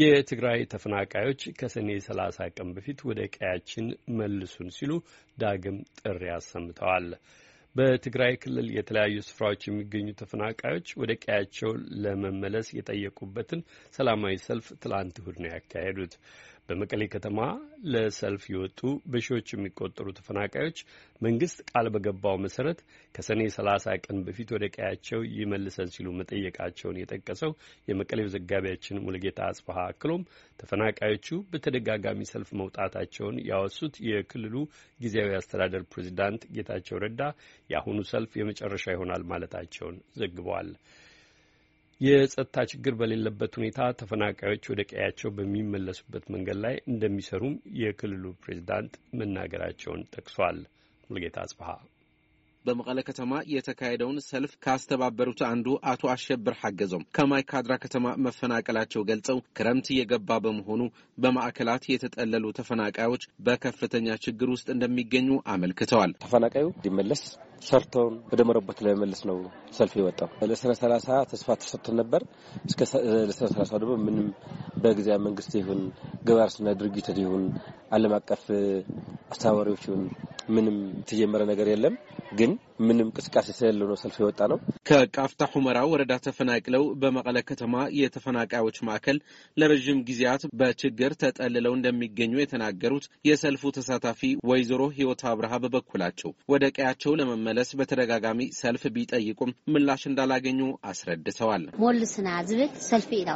የትግራይ ተፈናቃዮች ከሰኔ 30 ቀን በፊት ወደ ቀያችን መልሱን ሲሉ ዳግም ጥሪ አሰምተዋል። በትግራይ ክልል የተለያዩ ስፍራዎች የሚገኙ ተፈናቃዮች ወደ ቀያቸው ለመመለስ የጠየቁበትን ሰላማዊ ሰልፍ ትላንት እሁድ ነው ያካሄዱት። በመቀሌ ከተማ ለሰልፍ የወጡ በሺዎች የሚቆጠሩ ተፈናቃዮች መንግስት ቃል በገባው መሰረት ከሰኔ 30 ቀን በፊት ወደ ቀያቸው ይመልሰን ሲሉ መጠየቃቸውን የጠቀሰው የመቀሌው ዘጋቢያችን ሙልጌታ አጽፋሀ አክሎም ተፈናቃዮቹ በተደጋጋሚ ሰልፍ መውጣታቸውን ያወሱት የክልሉ ጊዜያዊ አስተዳደር ፕሬዚዳንት ጌታቸው ረዳ የአሁኑ ሰልፍ የመጨረሻ ይሆናል ማለታቸውን ዘግበዋል። የጸጥታ ችግር በሌለበት ሁኔታ ተፈናቃዮች ወደ ቀያቸው በሚመለሱበት መንገድ ላይ እንደሚሰሩም የክልሉ ፕሬዚዳንት መናገራቸውን ጠቅሷል። ሙልጌታ አጽብሃ በመቀለ ከተማ የተካሄደውን ሰልፍ ካስተባበሩት አንዱ አቶ አሸብር ሐገዞም ከማይካድራ ከተማ መፈናቀላቸው ገልጸው ክረምት እየገባ በመሆኑ በማዕከላት የተጠለሉ ተፈናቃዮች በከፍተኛ ችግር ውስጥ እንደሚገኙ አመልክተዋል። ተፈናቃዩ እንዲመለስ ሰርተውን ወደ መረቦት ለመመለስ ነው ሰልፍ የወጣው። ለስነ ሰላሳ ተስፋ ተሰጥቶን ነበር። እስከ ለስነ ሰላሳ ደግሞ ምንም በጊዜያዊ መንግስት ይሁን ገባርስና ድርጅት ይሁን ዓለም አቀፍ አስተባባሪዎች ይሁን ምንም የተጀመረ ነገር የለም። ግን ምንም እንቅስቃሴ ስለሌለው ነው ሰልፍ የወጣ ነው። ከቃፍታ ሁመራ ወረዳ ተፈናቅለው በመቀለ ከተማ የተፈናቃዮች ማዕከል ለረዥም ጊዜያት በችግር ተጠልለው እንደሚገኙ የተናገሩት የሰልፉ ተሳታፊ ወይዘሮ ህይወት አብርሃ በበኩላቸው ወደ ቀያቸው ለመመለስ በተደጋጋሚ ሰልፍ ቢጠይቁም ምላሽ እንዳላገኙ አስረድተዋል። ሞልስና ዝብል ሰልፊ ኢና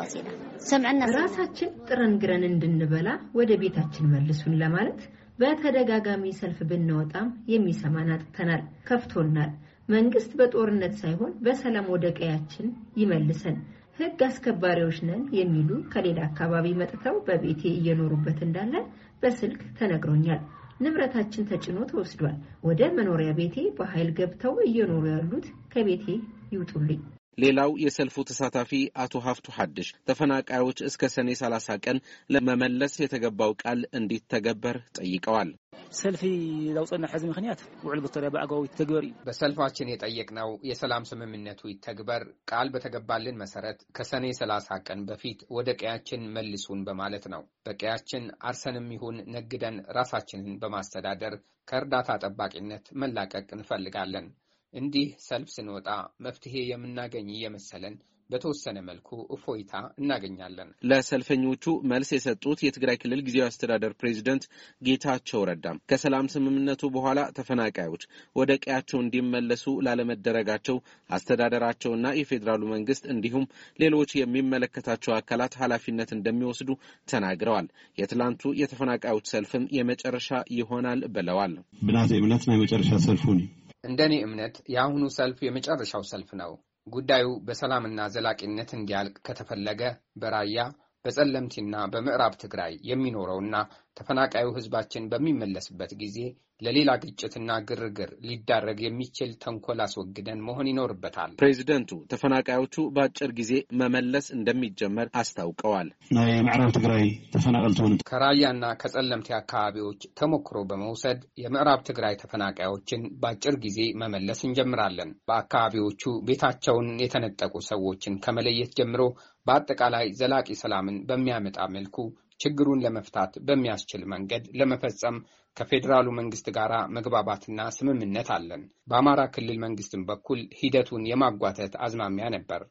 ሰምዕና ራሳችን ጥረን ግረን እንድንበላ ወደ ቤታችን መልሱን ለማለት በተደጋጋሚ ሰልፍ ብንወጣም የሚሰማን አጥተናል። ከፍቶናል። መንግስት በጦርነት ሳይሆን በሰላም ወደ ቀያችን ይመልሰን። ህግ አስከባሪዎች ነን የሚሉ ከሌላ አካባቢ መጥተው በቤቴ እየኖሩበት እንዳለ በስልክ ተነግሮኛል። ንብረታችን ተጭኖ ተወስዷል። ወደ መኖሪያ ቤቴ በኃይል ገብተው እየኖሩ ያሉት ከቤቴ ይውጡልኝ። ሌላው የሰልፉ ተሳታፊ አቶ ሀፍቱ ሀድሽ ተፈናቃዮች እስከ ሰኔ ሰላሳ ቀን ለመመለስ የተገባው ቃል እንዲተገበር ጠይቀዋል። ሰልፊ ለውፅና ሕዚ ምክንያት ውዕል ብተሪያ በአግባቡ ይተግበር እዩ። በሰልፋችን የጠየቅነው የሰላም ስምምነቱ ይተግበር፣ ቃል በተገባልን መሰረት ከሰኔ ሰላሳ ቀን በፊት ወደ ቀያችን መልሱን በማለት ነው። በቀያችን አርሰንም ይሁን ነግደን ራሳችንን በማስተዳደር ከእርዳታ ጠባቂነት መላቀቅ እንፈልጋለን። እንዲህ ሰልፍ ስንወጣ መፍትሄ የምናገኝ እየመሰለን በተወሰነ መልኩ እፎይታ እናገኛለን። ለሰልፈኞቹ መልስ የሰጡት የትግራይ ክልል ጊዜያዊ አስተዳደር ፕሬዚደንት ጌታቸው ረዳም ከሰላም ስምምነቱ በኋላ ተፈናቃዮች ወደ ቀያቸው እንዲመለሱ ላለመደረጋቸው አስተዳደራቸውና የፌዴራሉ መንግስት እንዲሁም ሌሎች የሚመለከታቸው አካላት ኃላፊነት እንደሚወስዱ ተናግረዋል። የትላንቱ የተፈናቃዮች ሰልፍም የመጨረሻ ይሆናል ብለዋል። ብናት እምነት ናይ መጨረሻ ሰልፉን እዩ እንደ እኔ እምነት የአሁኑ ሰልፍ የመጨረሻው ሰልፍ ነው። ጉዳዩ በሰላምና ዘላቂነት እንዲያልቅ ከተፈለገ በራያ በጸለምቲና በምዕራብ ትግራይ የሚኖረውና ተፈናቃዩ ሕዝባችን በሚመለስበት ጊዜ ለሌላ ግጭትና ግርግር ሊዳረግ የሚችል ተንኮል አስወግደን መሆን ይኖርበታል። ፕሬዚደንቱ ተፈናቃዮቹ በአጭር ጊዜ መመለስ እንደሚጀመር አስታውቀዋል። ናይ ምዕራብ ትግራይ ተፈናቀልቲ ከራያና ከጸለምቲ አካባቢዎች ተሞክሮ በመውሰድ የምዕራብ ትግራይ ተፈናቃዮችን በአጭር ጊዜ መመለስ እንጀምራለን። በአካባቢዎቹ ቤታቸውን የተነጠቁ ሰዎችን ከመለየት ጀምሮ በአጠቃላይ ዘላቂ ሰላምን በሚያመጣ መልኩ ችግሩን ለመፍታት በሚያስችል መንገድ ለመፈጸም ከፌዴራሉ መንግስት ጋር መግባባትና ስምምነት አለን። በአማራ ክልል መንግስትም በኩል ሂደቱን የማጓተት አዝማሚያ ነበር።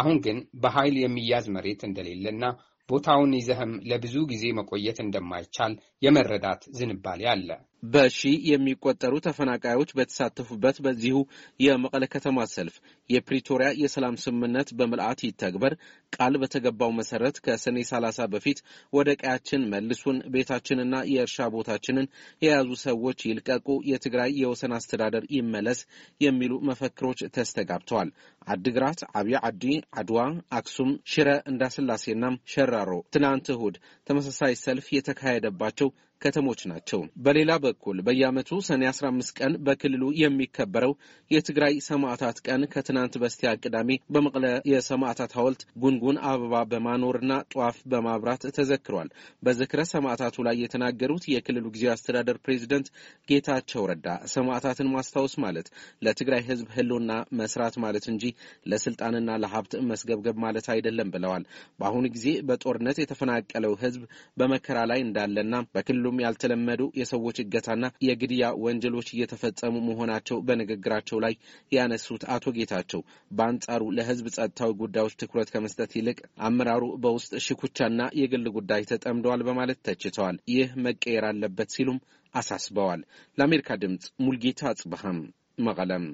አሁን ግን በኃይል የሚያዝ መሬት እንደሌለና ቦታውን ይዘህም ለብዙ ጊዜ መቆየት እንደማይቻል የመረዳት ዝንባሌ አለ። በሺ የሚቆጠሩ ተፈናቃዮች በተሳተፉበት በዚሁ የመቀለ ከተማ ሰልፍ የፕሪቶሪያ የሰላም ስምምነት በምልአት ይተግበር፣ ቃል በተገባው መሰረት ከሰኔ 30 በፊት ወደ ቀያችን መልሱን፣ ቤታችንና የእርሻ ቦታችንን የያዙ ሰዎች ይልቀቁ፣ የትግራይ የወሰን አስተዳደር ይመለስ የሚሉ መፈክሮች ተስተጋብተዋል። አድግራት፣ አብይ ዓዲ፣ አድዋ፣ አክሱም፣ ሽረ እንዳስላሴና ሸራ ሽራሮ ትናንት እሁድ ተመሳሳይ ሰልፍ የተካሄደባቸው ከተሞች ናቸው። በሌላ በኩል በየዓመቱ ሰኔ 15 ቀን በክልሉ የሚከበረው የትግራይ ሰማዕታት ቀን ከትናንት በስቲያ ቅዳሜ በመቀለ የሰማዕታት ሐውልት ጉንጉን አበባ በማኖርና ጧፍ በማብራት ተዘክሯል። በዝክረ ሰማዕታቱ ላይ የተናገሩት የክልሉ ጊዜያዊ አስተዳደር ፕሬዚደንት ጌታቸው ረዳ ሰማዕታትን ማስታወስ ማለት ለትግራይ ሕዝብ ህልውና መስራት ማለት እንጂ ለስልጣንና ለሀብት መስገብገብ ማለት አይደለም ብለዋል። በአሁኑ ጊዜ በጦርነት የተፈናቀለው ሕዝብ በመከራ ላይ እንዳለና በክልሉ ሁሉም ያልተለመዱ የሰዎች እገታና የግድያ ወንጀሎች እየተፈጸሙ መሆናቸው በንግግራቸው ላይ ያነሱት አቶ ጌታቸው በአንጻሩ ለህዝብ ጸጥታዊ ጉዳዮች ትኩረት ከመስጠት ይልቅ አመራሩ በውስጥ ሽኩቻና የግል ጉዳይ ተጠምደዋል በማለት ተችተዋል። ይህ መቀየር አለበት ሲሉም አሳስበዋል። ለአሜሪካ ድምፅ ሙልጌታ አጽብሃም መቀለም